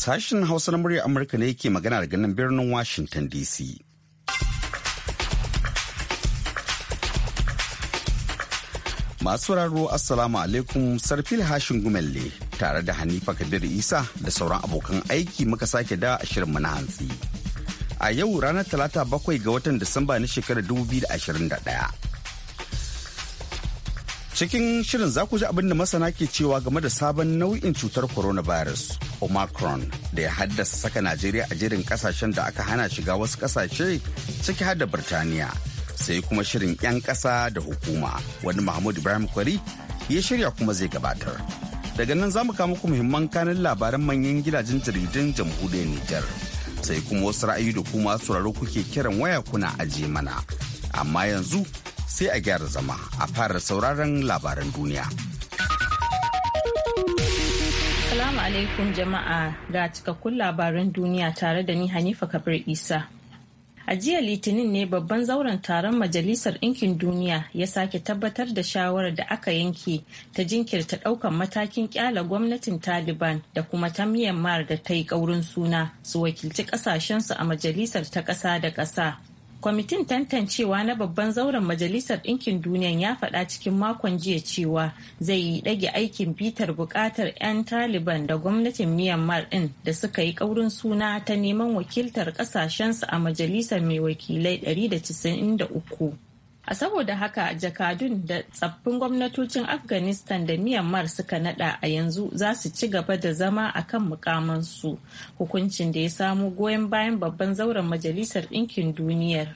Sashen Hausa na muryar Amurka ne yake magana da ganin birnin Washington DC. Masu raro Assalamu alaikum Sarfil Hashin Gumelle tare da Hanifa Kadir Isa da sauran abokan aiki muka sake da ashirin na hantsi. A yau ranar talata bakwai ga watan Disamba na shekarar 2021. Cikin shirin za ku ji abin da masana ke cewa game da sabon nau'in cutar coronavirus, Omicron, da ya haddasa saka Najeriya a jerin kasashen da aka hana shiga wasu kasashe ciki har da Birtaniya. Sai kuma shirin 'yan ƙasa da hukuma, wani Mahmud Ibrahim Kwari ya shirya kuma zai gabatar. Daga nan za mu kama muku muhimman kanin labaran manyan gidajen jaridun jamhuriyar Nijar. Sai kuma wasu ra'ayi da kuma sauraro kuke kiran waya kuna ajiye mana. Amma yanzu sai a gyara zama a fara sauraron labaran duniya. Salamu alaikum jama'a ga cikakkun labaran duniya tare da ni Hanifa Kabir Isa. A jiya Litinin ne babban zauren taron Majalisar Ɗinkin Duniya ya sake tabbatar da shawarar da aka yanke ta jinkirta ɗaukan matakin kyala gwamnatin Taliban da kuma ta Myanmar da ta yi ƙaurin suna su wakilci ƙasashensu a majalisar ta ƙasa da ƙasa. kwamitin tantancewa na babban zauren majalisar ɗinkin duniya ya faɗa cikin makon jiya cewa zai yi ɗage aikin bitar buƙatar 'yan taliban da gwamnatin myanmar ɗin da suka yi ƙaurin suna ta neman wakiltar ƙasashensu a majalisar mai wakilai 193 A saboda haka jakadun da tsaffin gwamnatocin Afghanistan da Myanmar suka nada a yanzu za su ci gaba da zama a kan mukamansu hukuncin da ya samu goyon bayan babban zauren Majalisar Ɗinkin Duniyar.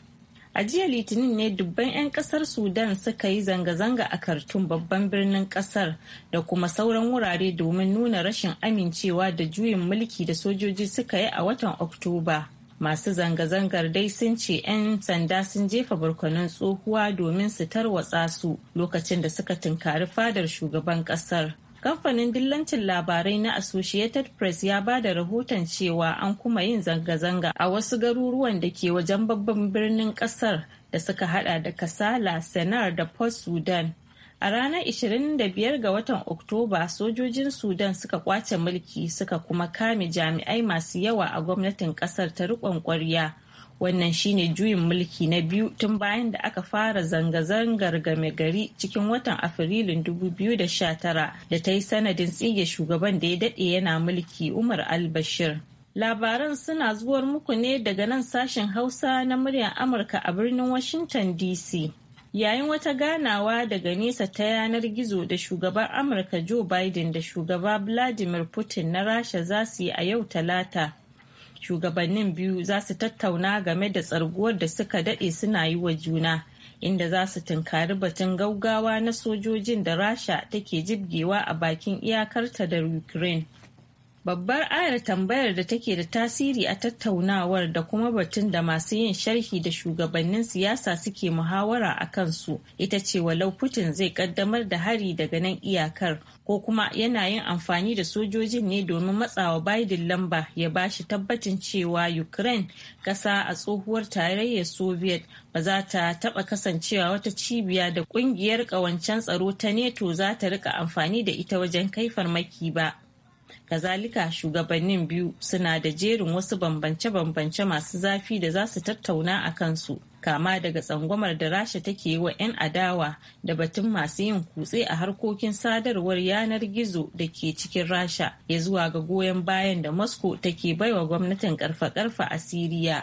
A jiya Litinin ne dubban 'yan kasar Sudan suka yi zanga-zanga a kartun babban birnin kasar da kuma sauran wurare domin nuna rashin amincewa da juyin mulki da sojoji suka yi a watan Oktoba. masu zanga-zangar dai sun ce 'yan sanda sun jefa barkwanin tsohuwa domin su tarwatsa su lokacin da suka tunkari fadar shugaban kasar kamfanin dillancin labarai na associated press ya ba da rahoton cewa an kuma yin zanga-zanga a wasu garuruwan da ke wajen babban birnin kasar da suka hada da kasala senar da port sudan A ranar 25 ga watan Oktoba sojojin Sudan suka kwace mulki suka kuma kame jami'ai masu yawa a gwamnatin kasar ta riƙon ƙwarya. Wannan shine juyin mulki na biyu tun bayan da aka fara zanga-zangar game gari cikin watan Afrilun 2019 da ta yi sanadin tsige shugaban da ya daɗe yana mulki Umar al-Bashir. Labaran suna zuwar muku ne daga nan sashen Hausa na muryar Amurka a birnin Washington DC. yayin wata ganawa daga nesa ta yanar gizo da shugaban amurka joe biden da shugaba vladimir putin na rasha za su yi a yau talata shugabannin biyu za su tattauna game da tsarguwar da suka daɗe suna yi wa juna inda za su tunkari batun gaugawa na sojojin da rasha take jibgewa a bakin iyakarta da ukraine babbar ayar tambayar da take da tasiri a tattaunawar da kuma batun da masu yin sharhi da shugabannin siyasa suke muhawara a kansu ita ce walau putin zai kaddamar da hari daga nan iyakar ko kuma yana yin amfani da sojojin ne domin matsawa biden lamba ya ba shi tabbacin cewa ukraine kasa a tsohuwar tarayyar soviet ba za ta taɓa kasancewa wata cibiya da ƙungiyar ƙawancen tsaro ta neto za ta rika amfani da ita wajen kai farmaki ba kazalika shugabannin biyu suna da jerin wasu bambance-bambance masu zafi da za su tattauna a kansu kama daga tsangwamar da rasha take yi wa 'yan adawa da batun masu yin kutse a harkokin sadarwar yanar gizo da ke cikin rasha ya zuwa ga goyon bayan da moscow take baiwa gwamnatin karfa-karfa a siriya.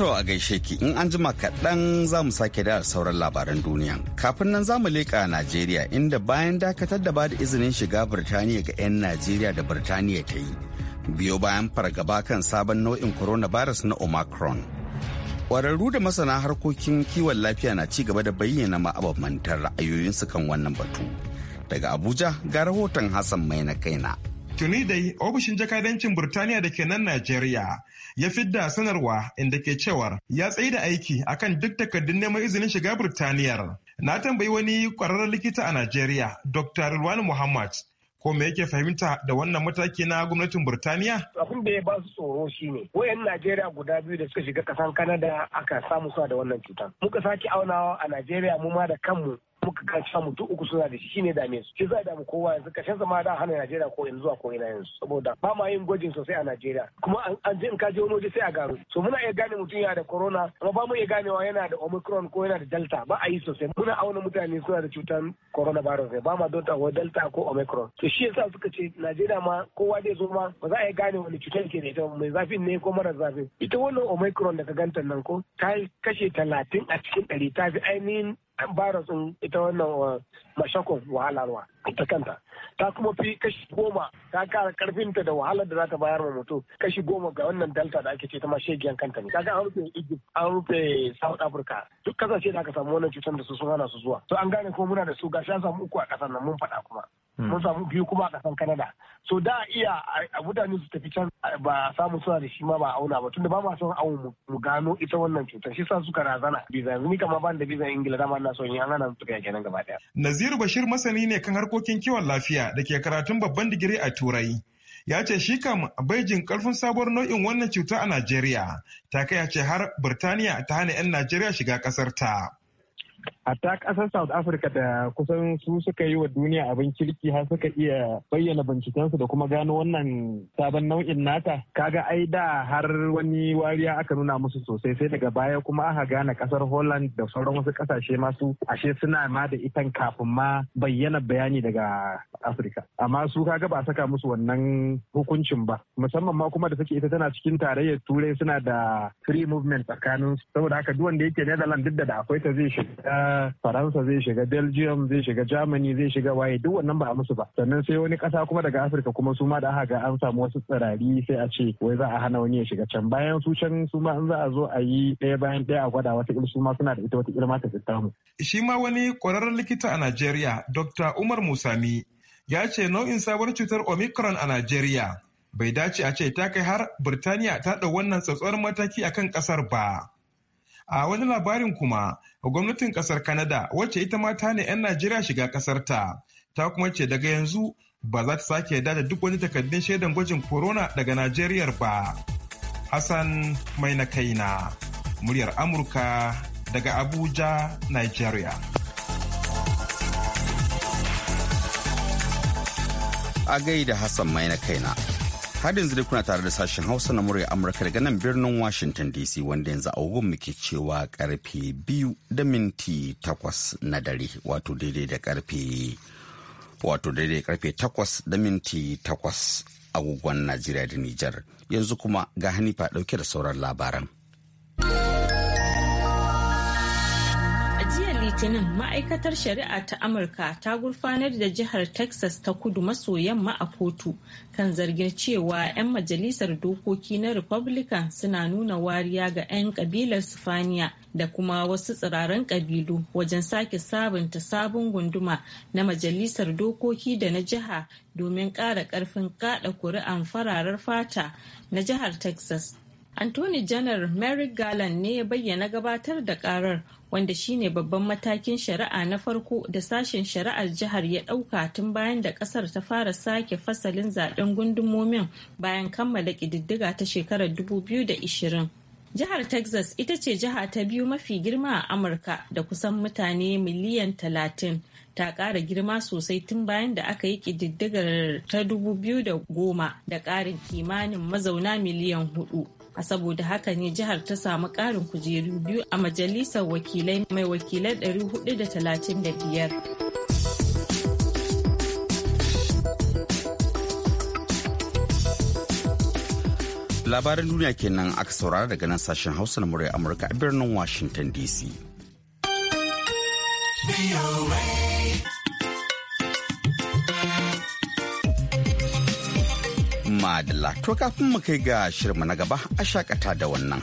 To a gaishe ki in an jima kaɗan za mu sake da sauran labaran duniya. Kafin nan za mu leƙa Najeriya inda bayan dakatar da bada izinin shiga Birtaniya ga 'yan Najeriya da Birtaniya ta yi. Biyo bayan fargaba kan sabon nau'in coronavirus na Omicron. Ƙwararru da masana harkokin kiwon lafiya na ci gaba da bayyana ma'ababantar ra'ayoyinsu kan wannan batu. Daga Abuja ga rahoton Hassan mai na kaina. Tuni dai ofishin jakadancin Burtaniya da ke nan Najeriya ya fidda sanarwa inda ke cewar ya tsaye da aiki akan duk takardun neman izinin shiga Burtaniyar. Na tambayi wani kwararren likita a Najeriya, Dr. Rilwani Muhammad, ko me yake fahimta da wannan mataki na gwamnatin Burtaniya? Abin da ya ba su tsoro ne wayan Najeriya guda biyu da suka shiga kasan Kanada aka samu suwa da wannan cutar. Muka sake aunawa a Najeriya mu ma da kanmu muka ga mutum uku suna da shi shine dame su shi za damu kowa yanzu kashin zama da hana Najeriya ko yanzu zuwa ko ina yanzu saboda ba ma yin gwajin sosai a Najeriya kuma an je in ka je wani waje sai a gano so muna iya gane mutum yana da corona amma ba mu iya ganewa yana da omicron ko yana da delta ba a yi sosai muna auna mutane suna da cutar coronavirus ne ba ma don ko delta ko omicron to shi yasa suka ce Najeriya ma kowa dai zo ma ba za a iya gane wani cutar ke da ita mai zafin ne ko mara zafin ita wannan omicron daga gantan nan ko ta kashe talatin a cikin ɗari ta fi ainihin virus din ita wannan uh, mashakon wahalarwa ta kanta ta kuma fi kashi goma ta kara karfinta da wahalar da za ta bayar wa mutum kashi goma ga wannan delta da ake ce ta ma kanta ne kaga an rufe Egypt an rufe South Africa duk kasashe da aka samu wannan cutar da su sun hana su zuwa to an gane ko muna da su gashi an samu uku a kasar nan mun faɗa kuma mun mm. samu biyu kuma a kasan Canada so da iya a mutane su tafi can ba samu suna da shi ma ba auna ba tunda ba ma son awon mu gano ita wannan cutar shi sa suka razana biza yanzu ni kama ban da biza Ingila dama ina son hana ana tafiya kenan gaba daya Naziru Bashir masani ne kan harkokin kiwon lafiya da ke karatun babban digiri a Turai ya ce shi kam bai jin karfin sabuwar nau'in wannan cuta a Najeriya ta kai ce har Birtaniya ta hana 'yan Najeriya shiga kasar ta. hatta kasar south africa da kusan su suka yi wa duniya abin kirki har suka iya bayyana bincikensu da kuma gano wannan sabon nau'in nata kaga ai da har wani wariya aka nuna musu sosai sai daga baya kuma aka gane kasar holland da sauran wasu kasashe masu ashe suna ma da itan kafin ma bayyana bayani daga afirka amma su kaga ba saka musu wannan hukuncin ba musamman ma kuma da suke ita tana cikin tarayyar turai suna da free movement tsakanin saboda haka duk wanda yake netherlands duk da akwai ta zai shiga faɗa faransa zai shiga belgium zai shiga germany zai shiga waye duk wannan ba a musu ba sannan sai wani kasa kuma daga afirka kuma suma da aka ga an samu wasu tsirari sai a ce wai za a hana wani ya shiga can bayan su can su in za a zo a yi ɗaya bayan ɗaya a gwada wata su ma suna da ita wata ma ta mu. shi ma wani kwararren likita a najeriya dr umar musami ya ce nau'in sabuwar cutar omicron a najeriya bai dace a ce ta kai har Birtaniya ta ɗau wannan tsatsuwar mataki akan kasar ba. A wani labarin kuma, gwamnatin kasar Kanada wacce ita mata ne 'yan Najeriya shiga kasar ta, ta kuma ce daga yanzu ba za ta sake yarda da duk wani takardun shaidan gwajin corona daga Najeriya ba. Hassan mai na kaina, muryar Amurka daga Abuja, Nigeria. A gaida Hassan mai na kaina. Har yanzu dai kuna tare da sashen Hausa na murya Amurka daga nan birnin Washington DC wanda yanzu agogon muke cewa karfe biyu da minti takwas na dare wato daidai da karfe wato daidai karfe takwas da minti takwas agogon Najeriya da Nijar. Yanzu kuma ga Hanifa dauke da sauran labaran. Litinin ma'aikatar shari'a ta Amurka ta gurfanar da jihar Texas ta kudu maso yamma a kotu kan zargin cewa 'yan majalisar dokoki na Republican suna nuna wariya ga 'yan kabilar Sifaniya da kuma wasu tsiraran kabilu wajen sake sabunta sabon gunduma na majalisar dokoki da na jiha domin ƙara ƙarfin kaɗa kuri'an fararar fata na jihar Texas Anthony Janar Merrick Garland ne ya bayyana gabatar da karar wanda shine babban matakin shari'a na farko da sashen shari'ar jihar ya ɗauka tun bayan da ƙasar ta fara sake fasalin zaben gundumomin bayan kammala ƙididdiga ta shekarar 2020. Jihar Texas ita ce jiha ta biyu mafi girma a Amurka da kusan mutane miliyan talatin ta ƙara girma sosai tun bayan da aka yi ƙididdigar ta dubu biyu da goma da ƙarin kimanin mazauna miliyan hudu. a saboda haka ne jihar ta samu ƙarin kujeru biyu a majalisar wakilai mai wakilai 435 Labarin duniya kenan aka saurara daga nan sashen hausa na murya amurka a birnin washington dc. Madla. To kafin mu kai ga shirma na gaba a shakata da wannan.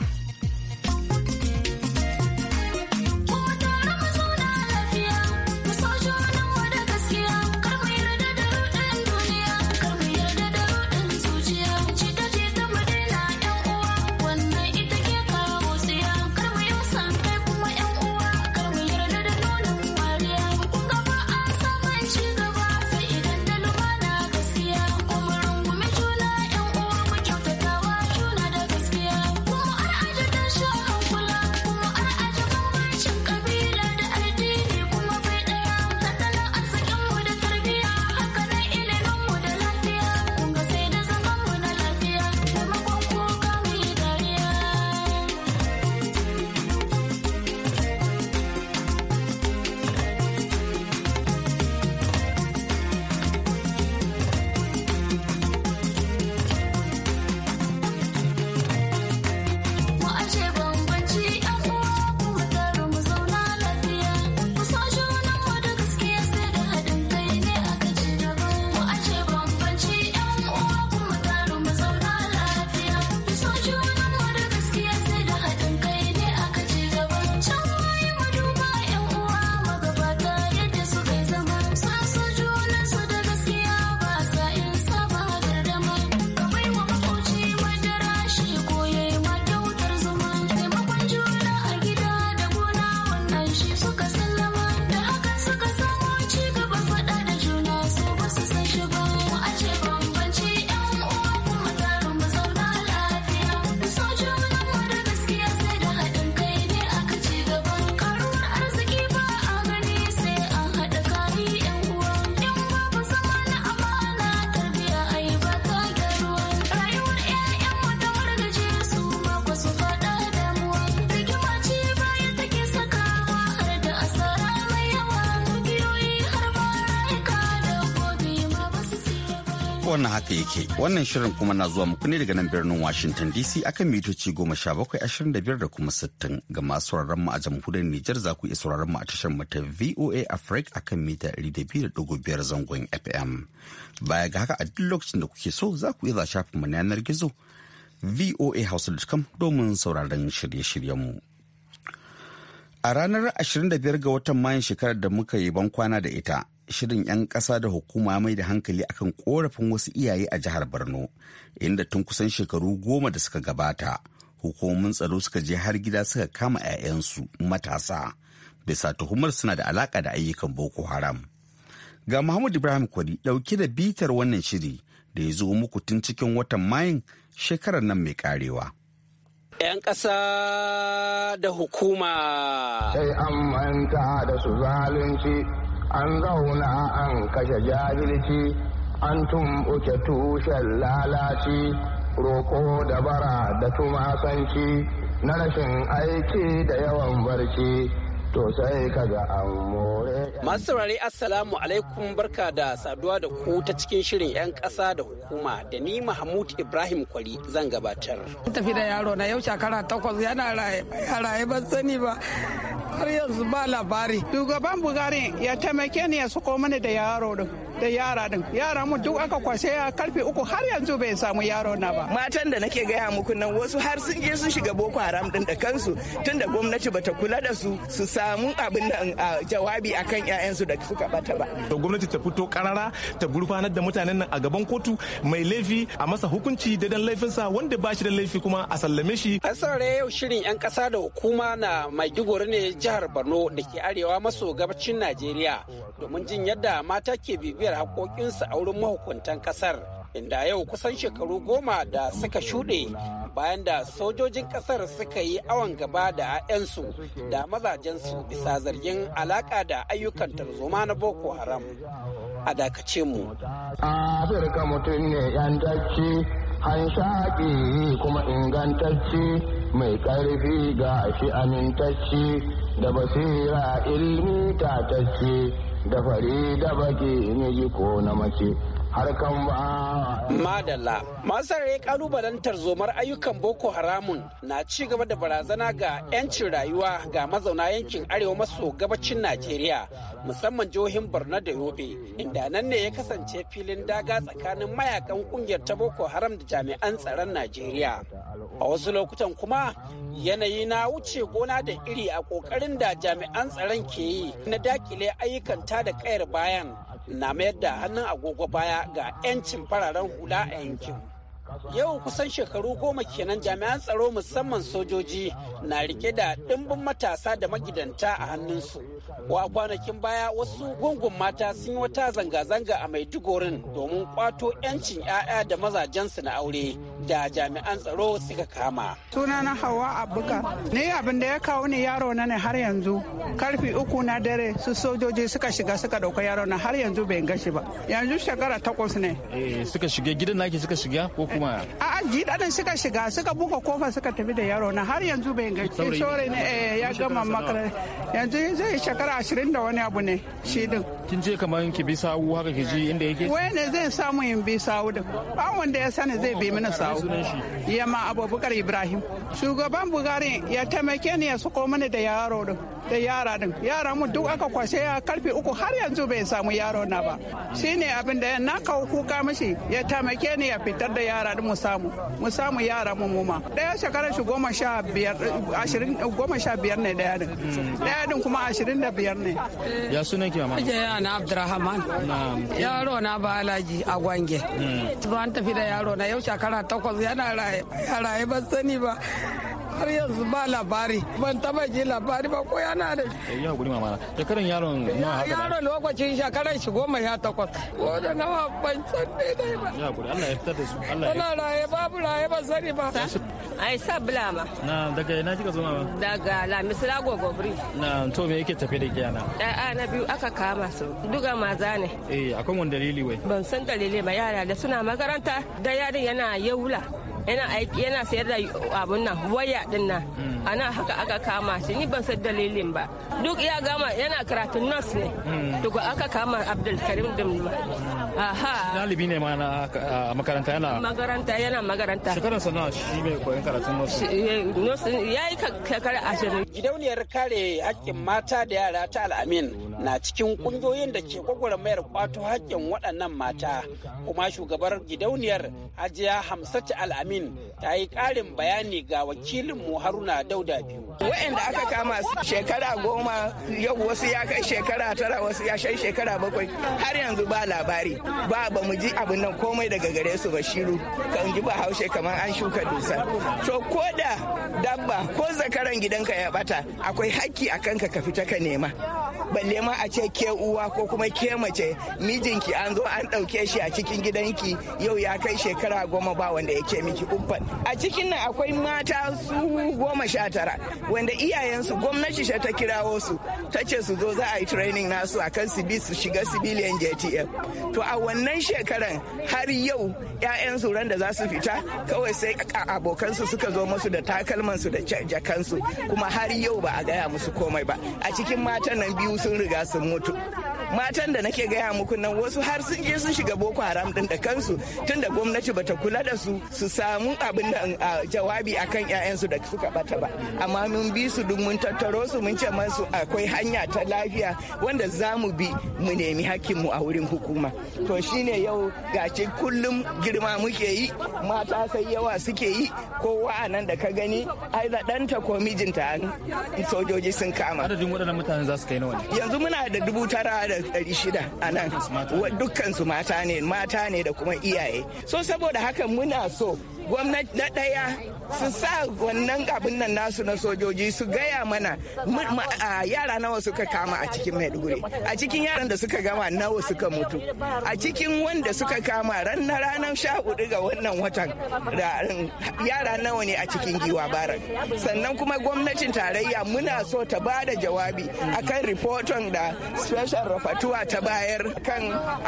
wannan haka yake wannan shirin kuma na zuwa muku ne daga nan birnin washington dc akan mitoci goma sha bakwai ashirin da biyar da kuma sittin ga masu sauraron mu a jamhuriyar nijar za ku iya sauraron mu a tashar mu ta voa africa akan mita ɗari da biyu biyar zangon fm baya ga haka a duk lokacin da kuke so za ku iya za shafin mu na yanar gizo voa hausa.com domin sauraron shirye-shiryen mu. A ranar 25 ga watan Mayun shekarar da muka yi bankwana da ita, shirin 'yan ƙasa da hukuma mai da hankali akan korafin wasu iyaye a jihar borno inda tun kusan shekaru goma da suka gabata hukumomin tsaro suka je har gida suka kama 'ya'yansu matasa bisa tuhumar suna da alaƙa da ayyukan boko haram ga muhammad ibrahim kwari ɗauke da bitar wannan shiri da ya zo muku tun cikin watan Mayin shekarar nan mai karewa 'yan ƙasa da hukuma sai an manta da su zalunci an zauna an kashe jahilci an tumɓuke tushen lalaci roƙo da bara da tumasanci na rashin aiki da yawan barci to sai ga an more masu saurari assalamu alaikum barka da saduwa da ku ta cikin shirin 'yan ƙasa da hukuma da ni mahmud ibrahim kwari zan gabatar tafi da yaro na yau shekara takwas yana raye ba sani ba har yanzu ba labari. Shugaban Bugari ya taimake ni ya suko mani da yaro din. da yara din yara mu duk aka kwashe a karfe uku har yanzu bai samu yaro na ba matan da nake gaya muku nan wasu har sun je sun shiga boko haram din da kansu tunda gwamnati bata kula da su su samu abin da jawabi akan ya'yansu da suka bata ba to gwamnati ta fito karara ta gurfanar da mutanen nan a gaban kotu mai laifi a masa hukunci da dan laifinsa wanda ba shi da laifi kuma a sallame shi an yau shirin yan kasa da hukuma na maiduguri ne jihar borno dake arewa maso gabacin najeriya domin jin yadda mata ke bibiya bibiyyar haƙoƙinsu a wurin mahukuntan ƙasar inda yau kusan shekaru goma da suka shuɗe bayan da sojojin ƙasar suka yi awon gaba da 'yansu da mazajensu bisa zargin alaƙa da ayyukan tarzoma na boko haram a dakace mu mutum ne yi kuma ingantacci mai ƙarfi ga shi amintacci da basira ilmi tatacci da fari da baki in ji ko na mace harkan ba. Madalla, masarare kalubalen tarzomar ayyukan Boko Haramun na ci gaba da barazana ga 'yancin rayuwa ga mazauna yankin arewa maso gabacin Najeriya, musamman jihohin Borno da Yobe, inda nan ne ya kasance filin daga tsakanin mayakan kungiyar ta Boko Haram da jami'an tsaron Najeriya. A wasu lokutan kuma yanayi na wuce gona da iri a ƙoƙarin da jami'an tsaron ke yi na dakile ayyukan ta da kayar bayan na mayar da hannun agogo baya ga 'yancin fararen hula a yankin Yau kusan shekaru goma kenan jami'an tsaro musamman sojoji na rike da ɗimbin matasa da magidanta a hannunsu. Wa kwanakin baya wasu gungun mata sun yi wata zanga-zanga a dugorin domin kwato 'yancin 'ya'ya da mazajensu na aure da jami'an tsaro suka kama. Sunana Hawa Abuka, ni abin da ya kawo ni yaro na ne har yanzu. Karfi uku na dare su sojoji suka shiga suka ɗauka yaro na har yanzu bai gashi ba. Yanzu shekara takwas ne. Eh, suka shiga gidan naki suka shiga ko kuma waya a'a jidanin suka shiga suka buka kofa suka tafi da yaro na har yanzu bai ga sore ne ya eh, gama makara yanzu zai shekara ashirin da wani abu ne shi din kin je kamar ki bi sawu haka ki ji inda yake wai ne zai samu in bi sawu din ba wanda ya sani zai bi mini sawu yamma abubakar ibrahim shugaban bugari ya taimake ni ya suko mini da yaro din da yara din yara mu duk aka kwashe ya karfe uku har yanzu bai samu yaro na ba shine abin da na kawo kuka mishi ya taimake ni ya fitar da yara bari mu samu mu samu yara mu muma daya shekarar shi goma sha biyar ashirin goma sha biyar ne daya din daya din kuma ashirin da biyar ne ya sunan ki mama ya na abdurrahman yaro na ba alaji a gwange ban hmm. tafi da yaro na yau shekara takwas yana raye ba sani ba har yanzu ba labari ban taba ji labari ba ko yana da shi eh, ya guri mama shekaran yaron na haka yaron lokacin shekaran shi goma sha takwas ko da nawa ban san dai dai ba ya guri Allah ya fitar da su Allah ya tana raye babu raye ba sani ba ai sa bulama na daga ina kika zo mama daga la lamisira bri na to me yake tafe da kiyana A'a na biyu aka kama su duga maza ne eh akwai wani dalili wai ban san dalili ba yara da suna makaranta da yarin yana yaula yana aiki yana sayar da abun nan waya din nan mm. ana haka aka kama shi ni ban san dalilin ba duk ya gama yana karatun nurse ne mm. to aka kama Abdul Karim din ba aha dalibi ne ma na makaranta yana makaranta yana makaranta shekaran sana shi mai koyon karatun nurse nurse yayi shekara 20 gidauniyar kare hakkin mata da yara ta Al'amin na cikin kungiyoyin da ke gwagwarmayar kwato haƙƙin waɗannan mata kuma shugabar gidauniyar hajiya hamsatu al'amin ta yi ƙarin bayani ga wakilin mu haruna dauda biyu waɗanda aka kama shekara goma yau wasu ya kai shekara tara wasu ya shai shekara bakwai har yanzu ba labari ba ba mu ji abin nan komai daga gare su ba shiru kan ji ba haushe kamar an shuka dusa to ko da dabba ko zakaran gidanka ya bata akwai hakki a kanka ka fita ka nema balle ma a ce ke uwa ko kuma ke mace mijinki an zo an ɗauke shi a cikin gidanki yau ya kai shekara goma ba wanda yake miki uffan a cikin nan akwai mata su goma sha tara wanda iyayensu gwamnati sha ta kirawo su ta ce su zo za a yi training nasu akan su bi su shiga civilian JTF to a wannan shekaran har yau 'ya'yansu ran da za su fita kawai sai abokansu suka zo musu da takalmansu da jakansu kuma har yau ba a gaya musu komai ba a cikin matan nan biyu sun riga sun mutu matan da nake gaya muku nan wasu har sun je sun shiga boko haram din da kansu tun da gwamnati bata kula da su su samu abin da jawabi akan yayansu da suka bata ba amma mun bi su duk mun tattaro su mun ce masu akwai hanya ta lafiya wanda za mu bi mu nemi mu a wurin hukuma to shine yau gashi kullum girma muke yi mata sai yawa suke yi kowa a da ka gani ai da ta ko mijinta sojoji sun kama adadin waɗannan mutanen za su kai nawa yanzu muna da dubu tara da ɗari shida a nan dukkansu mata ne mata ne da kuma iyaye so saboda haka muna so gwamnati na ɗaya su sa wannan abin nan nasu na sojoji su gaya mana yara nawa suka kama a cikin maiduguri a cikin yaran da suka gama nawa suka mutu a cikin wanda suka kama ran na ranar sha hudu ga wannan watan yara nawa ne a cikin giwa barar sannan kuma gwamnatin tarayya muna so ta ba da jawabi akan ripoton da special rafatuwa ta bayar kan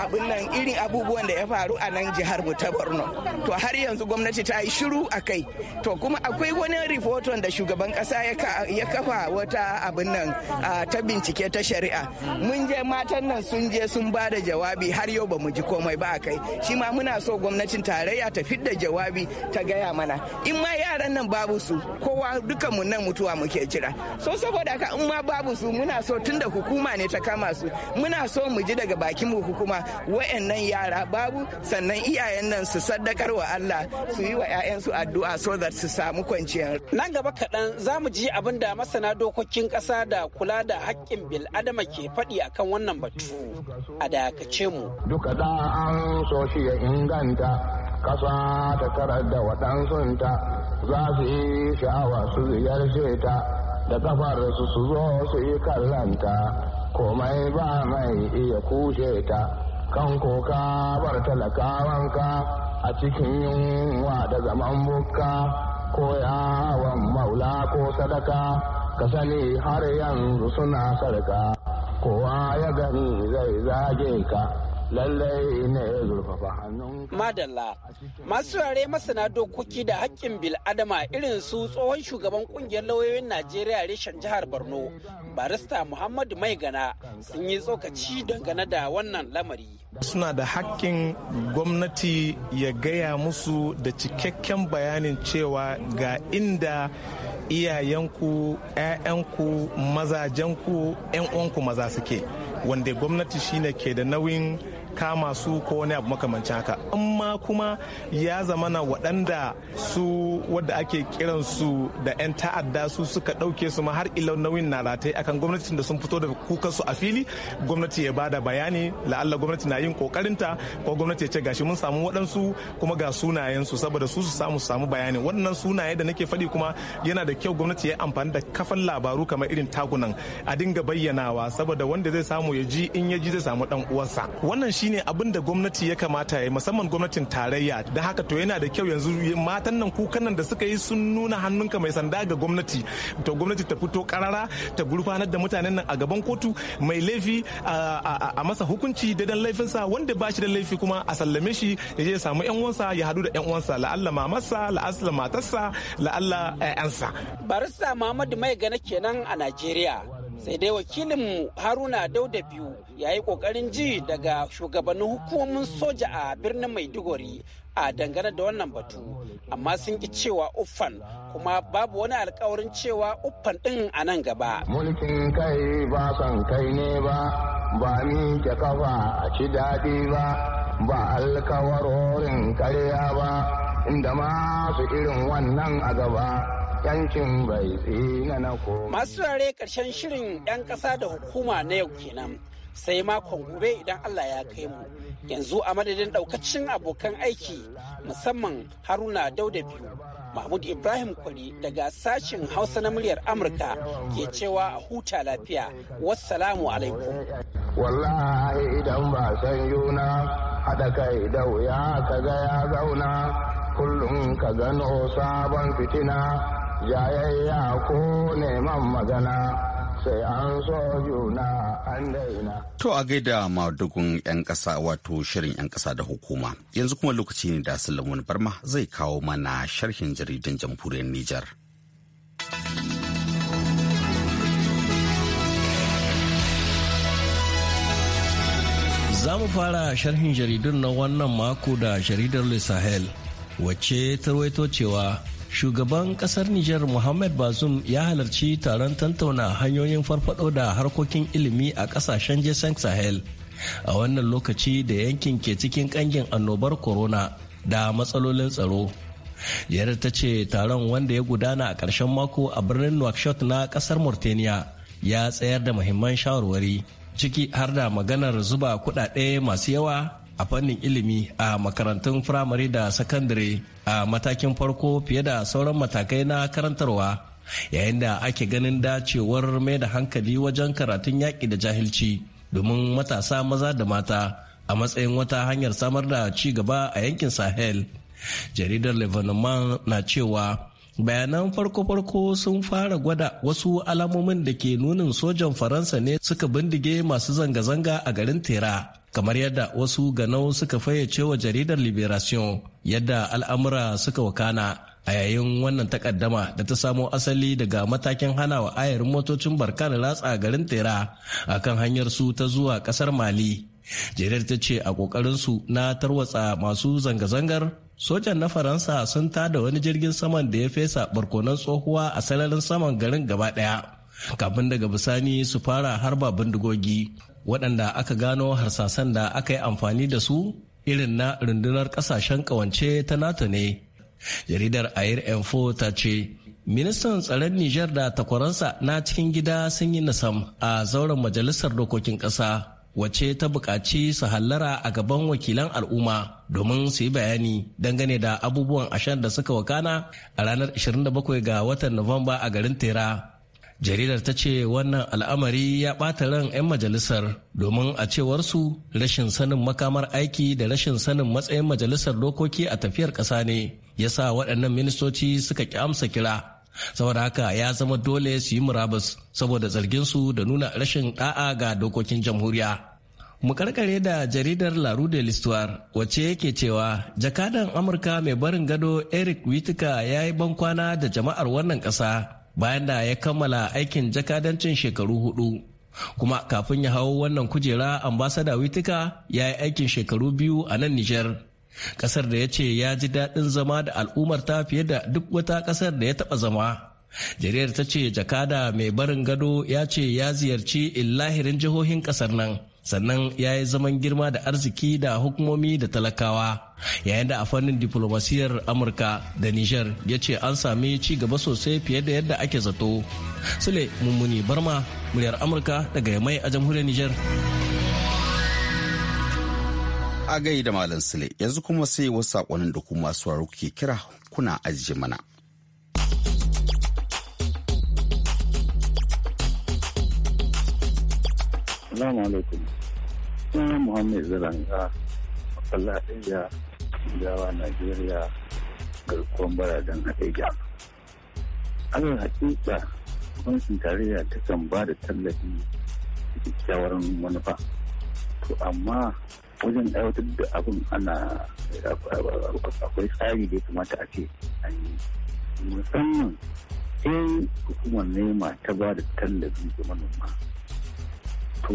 abin nan irin abubuwan da ya faru a nan jihar mu ta borno to har yanzu gwamnati ta yi shiru a kai to to kuma akwai wani rifoton da shugaban kasa ya kafa wata abin nan ta bincike ta shari'a mun je matan nan sun je sun ba da jawabi har yau ba mu ji komai ba kai shi ma muna so gwamnatin tarayya ta da jawabi ta gaya mana in ma yaran nan babu su kowa dukan mu nan mutuwa muke jira so saboda ka in ma babu su muna so tunda hukuma ne ta kama su muna so mu ji daga bakin mu hukuma wayannan yara babu sannan iyayen nan su saddakar wa Allah su yi wa 'ya'yansu addu'a so that su samu kwanciyar. Nan gaba kaɗan za mu ji abin da masana dokokin ƙasa da kula da haƙƙin bil adama ke faɗi akan wannan batu. A dakace mu. Duka da an so shi ya inganta ƙasa ta karar da waɗansunta za su yi sha'awa su ziyarce ta da kafar su su zo su yi kallanta komai ba mai iya kushe ta. kan koka bar talakawanka a cikin yunwa da zaman bukka ko yawon maula ko sadaka ka sani har yanzu suna sarka kowa ya gani zai zage ka Madalla, masu rare masana dokoki da haƙƙin bil'adama irin su tsohon shugaban ƙungiyar lauyoyin Najeriya reshen jihar Borno, barista Muhammadu Maigana sun yi tsokaci dangane da wannan lamari. Suna da haƙƙin gwamnati ya gaya musu da cikakken bayanin cewa ga inda iyayenku, 'ya'yanku, mazajenku, yanuwanku maza suke. Wanda gwamnati shine ke da nauyin kama su ko wani abu makamancin haka amma kuma ya zamana waɗanda su wadda ake kiran su da 'yan ta'adda su suka ɗauke su ma har ilau nauyin na ratai akan gwamnatin da sun fito da kukan su a fili gwamnati ya bada bayani la'alla gwamnati na yin kokarinta ko gwamnati ya ce gashi mun samu waɗansu kuma ga sunayen su saboda su su samu samu bayani wannan sunaye da nake faɗi kuma yana da kyau gwamnati ya amfani da kafan labaru kamar irin tagunan a dinga bayyanawa saboda wanda zai samu ya ji in ya ji zai samu dan uwarsa wannan shine abin da gwamnati ya kamata ya yi musamman gwamnatin tarayya da haka to yana da kyau yanzu matan nan kukan nan da suka yi sun nuna hannunka mai sanda ga gwamnati to gwamnati ta fito karara ta gurfanar da mutanen nan a gaban kotu mai laifi a masa hukunci da dan laifinsa wanda ba shi da laifi kuma a sallame shi ya je ya samu yan uwansa ya hadu da yan uwansa la'alla mamarsa la'asla matarsa la'alla 'ya'yansa barista muhammadu mai gane kenan a najeriya sai dai wakilinmu haruna dau da biyu ya yi kokarin ji daga shugabannin hukumomin soja a birnin maiduguri a dangane da wannan batu amma sun ki cewa uffan kuma babu wani alkawarin cewa uffan din a nan gaba mulkin kai ba san kai ne ba ba ni ke kafa a ci daɗi ba ba alkawarorin karya ba inda masu irin wannan a gaba yancin bai tsina na ko. Masu rare karshen shirin 'yan ƙasa da hukuma na yau kenan. Sai makon gobe idan Allah ya kai mu. Yanzu a madadin ɗaukacin abokan aiki musamman Haruna Dauda biyu. Mahmud Ibrahim Kwari daga sashen Hausa na muryar Amurka ke cewa a huta lafiya. Wassalamu alaikum. Wallahi idan ba san yuna haɗa kai da wuya ka ga ya zauna kullum ka gano sabon fitina. jayayya ko neman magana sai an so juna an daina. To a gaida madugun 'yan ƙasa wato shirin 'yan ƙasa da hukuma. Yanzu kuma lokaci ne da Sulaiman Barma zai kawo mana sharhin jaridan jamhuriyar Nijar. Za mu fara sharhin jaridun na wannan mako da jaridar Le Sahel, wacce ta cewa shugaban kasar Nijar Muhammad Bazum ya halarci taron tantauna hanyoyin farfado da harkokin ilimi a kasashen Jason Sahel a wannan lokaci da yankin ke cikin kangin annobar corona da matsalolin tsaro. Yadda ta ce taron wanda ya gudana a ƙarshen mako a birnin Nouakchott na ƙasar Mauritania ya tsayar da muhimman shawarwari ciki har da maganar zuba kuɗaɗe masu yawa a fannin ilimi a makarantun firamare da sakandare a matakin farko fiye da sauran matakai na karantarwa yayin da ake ganin dacewar mai da hankali wajen karatun yaƙi da jahilci domin matasa maza da mata a matsayin wata hanyar samar da ci gaba a yankin sahel jaridar lebanon na cewa bayanan farko-farko sun fara gwada wasu alamomin da ke nunin sojan faransa ne suka bindige masu zanga-zanga a garin tera kamar yadda wasu ganau suka fayyace wa jaridar liberation yadda al'amura suka wakana a yayin wannan takaddama da ta samo asali daga matakin hana wa ayarin motocin barka da latsa garin tera a kan hanyar su ta zuwa kasar mali jaridar ta ce a su na tarwatsa masu zanga-zangar sojan na faransa sun tada wani jirgin saman da ya fesa barkonan tsohuwa a sararin saman garin gaba daya kafin daga bisani su fara harba bindigogi waɗanda aka gano harsasan da aka yi amfani da su irin na rundunar ƙasashen ƙawance ta nato ne jaridar air info ta ce ministan tsaron Niger da takwaransa na cikin gida sun yi nasam a zauren majalisar dokokin ƙasa wace ta buƙaci su hallara a gaban wakilan al'umma domin su yi bayani dangane da abubuwan ashen da suka wakana a ranar 27 ga watan Nuwamba a garin Tera jaridar ta ce wannan al'amari ya ɓata ran 'yan majalisar domin a cewarsu rashin sanin makamar aiki da rashin sanin matsayin majalisar dokoki a tafiyar ƙasa ne ya sa waɗannan ministoci suka ƙyamsa amsa kira saboda haka ya zama dole su yi murabus saboda zarginsu da nuna rashin ɗa'a ga dokokin jamhuriya mu karkare da jaridar la de l'histoire wacce yake cewa jakadan amurka mai barin gado eric witika ya yi bankwana da jama'ar wannan ƙasa bayan da ya kammala aikin jakadancin shekaru hudu kuma kafin ya hau wannan kujera ambasada witika ya yi aikin shekaru biyu a nan nijar kasar da ya ce ya ji daɗin zama da al'ummar ta fiye da duk wata kasar da ya taɓa zama jaridar ta ce jakada mai barin gado ya ce ya ziyarci illahirin jihohin kasar nan sannan ya yi zaman girma da arziki da hukumomi da talakawa yayin da a fannin diplomasiyar amurka da niger ya ce an sami ci gaba sosai fiye da yadda ake zato sule mummuni barma muryar amurka daga yamai a jamhuriyar niger a da malam sule yanzu kuma sai wasu saƙonin da kuma masu ke kira kuna ajiye mana Assalamu alaikum. Sunana Muhammad Zalanga, ah, Makalla Hadeja, Jawa Najeriya, garkuwan baradan Hadeja. Alal hakika, gwamnatin tarayya ta kan ba da tallafi da kyakkyawar manufa. To amma wajen aiwatar da abin ana akwai tsari da ya kamata a ce an yi. Musamman sai hukumar nema ta ba da tallafi ga manoma. to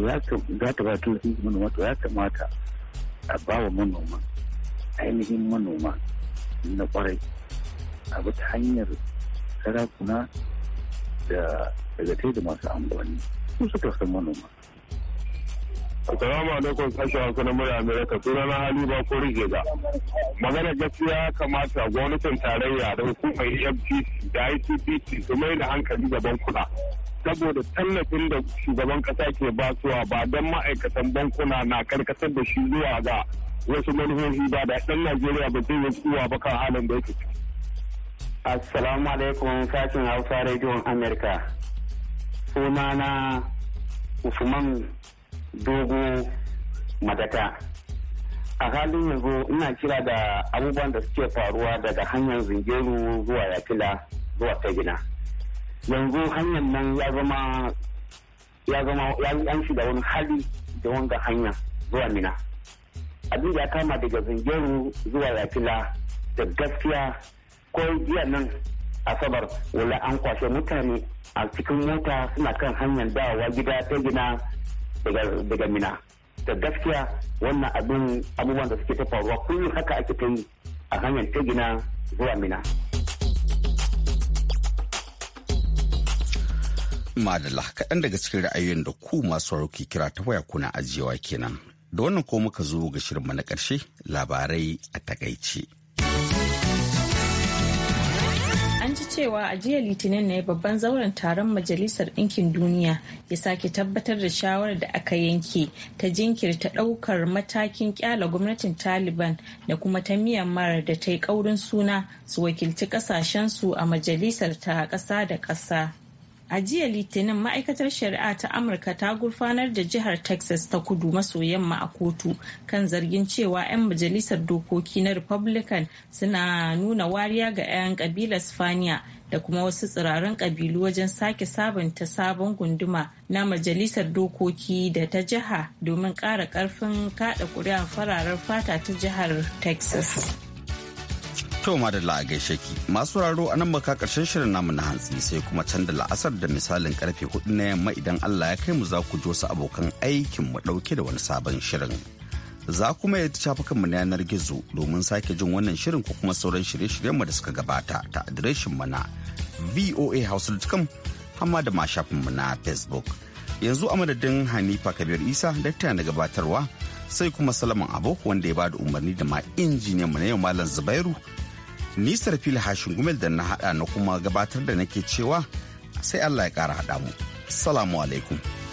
za ta ba tun manoma to ya kamata a ba wa manoma ainihin manoma na kwarai a bi ta hanyar sarakuna da daga da masu amfani su suka san manoma. Assalamu alaikum sashen wasu na murya Amerika suna na hali ba ko rike ga. Magana gaskiya ya kamata gwamnatin tarayya da hukumar EFCC da ICPC su mai da hankali da bankuna. saboda tallafin da shugaban kasa ke basuwa ba don ma'aikatan bankuna na karkatar da shi zuwa ga wasu manufofi ba da ɗan najeriya ba zai yi tsuwa ba kan halin da yake ciki. assalamu alaikum sashen hausa rediyon amerika sunana usman dogo madata a halin yanzu ina kira da abubuwan da suke faruwa daga hanyar zingeru zuwa yafila zuwa ta gina. yanzu hanyar nan ya zama ya zama an shiga wani hali da wanga hanya zuwa mina abin da ya kama daga zingeru zuwa yafila da gaskiya ko jiya nan asabar wala an kwashe mutane a cikin mota suna kan hanyar dawowa gida ta gina daga mina da gaskiya wannan abin abubuwan da suke ta faruwa kullum haka ake ta yi a hanyar ta gina zuwa mina. Madalla kaɗan daga cikin ra'ayoyin da ku masu ke kira ta waya kuna ajiyewa kenan. Da wannan ko muka zo ga shirinmu na ƙarshe labarai a takaice. An ji cewa a jiya litinin ne babban zauren taron Majalisar Ɗinkin Duniya ya sake tabbatar da shawarar da aka yanke ta jinkirta ɗaukar matakin kyala gwamnatin Taliban da kuma ta Myanmar da ta yi ƙaurin suna su wakilci ƙasashensu a majalisar ta ƙasa da ƙasa. A jiya Litinin ma'aikatar shari'a ta Amurka ta gurfanar da jihar Texas ta kudu maso yamma a kotu kan zargin cewa 'yan majalisar dokoki na Republican suna nuna wariya ga 'yan kabilar Spaniya da kuma wasu tsirarin kabilu wajen sake sabunta sabon gunduma na majalisar dokoki da ta jiha domin ƙara ƙarfin kaɗa ƙuri'a fararen fata ta jihar Texas. kyau madalla a gaishe ki masu raro a nan maka karshen shirin namu na hantsi sai kuma can da la'asar da misalin karfe hudu na yamma idan Allah ya kai mu za ku ji abokan aikin mu dauke da wani sabon shirin. Za kuma ya shafukan mu na yanar gizo domin sake jin wannan shirin ko kuma sauran shirye-shiryen mu da suka gabata ta adireshin mu na voahouse.com amma da ma shafin mu na Facebook. Yanzu a madadin Hanifa Kabir Isa da na gabatarwa sai kuma Salaman abu wanda ya bada umarni da ma injiniyan mu na yau Malam Zubairu nisar fili hashin gumel da na hada na kuma gabatar da nake cewa sai allah ya kara hada mu salamu alaikum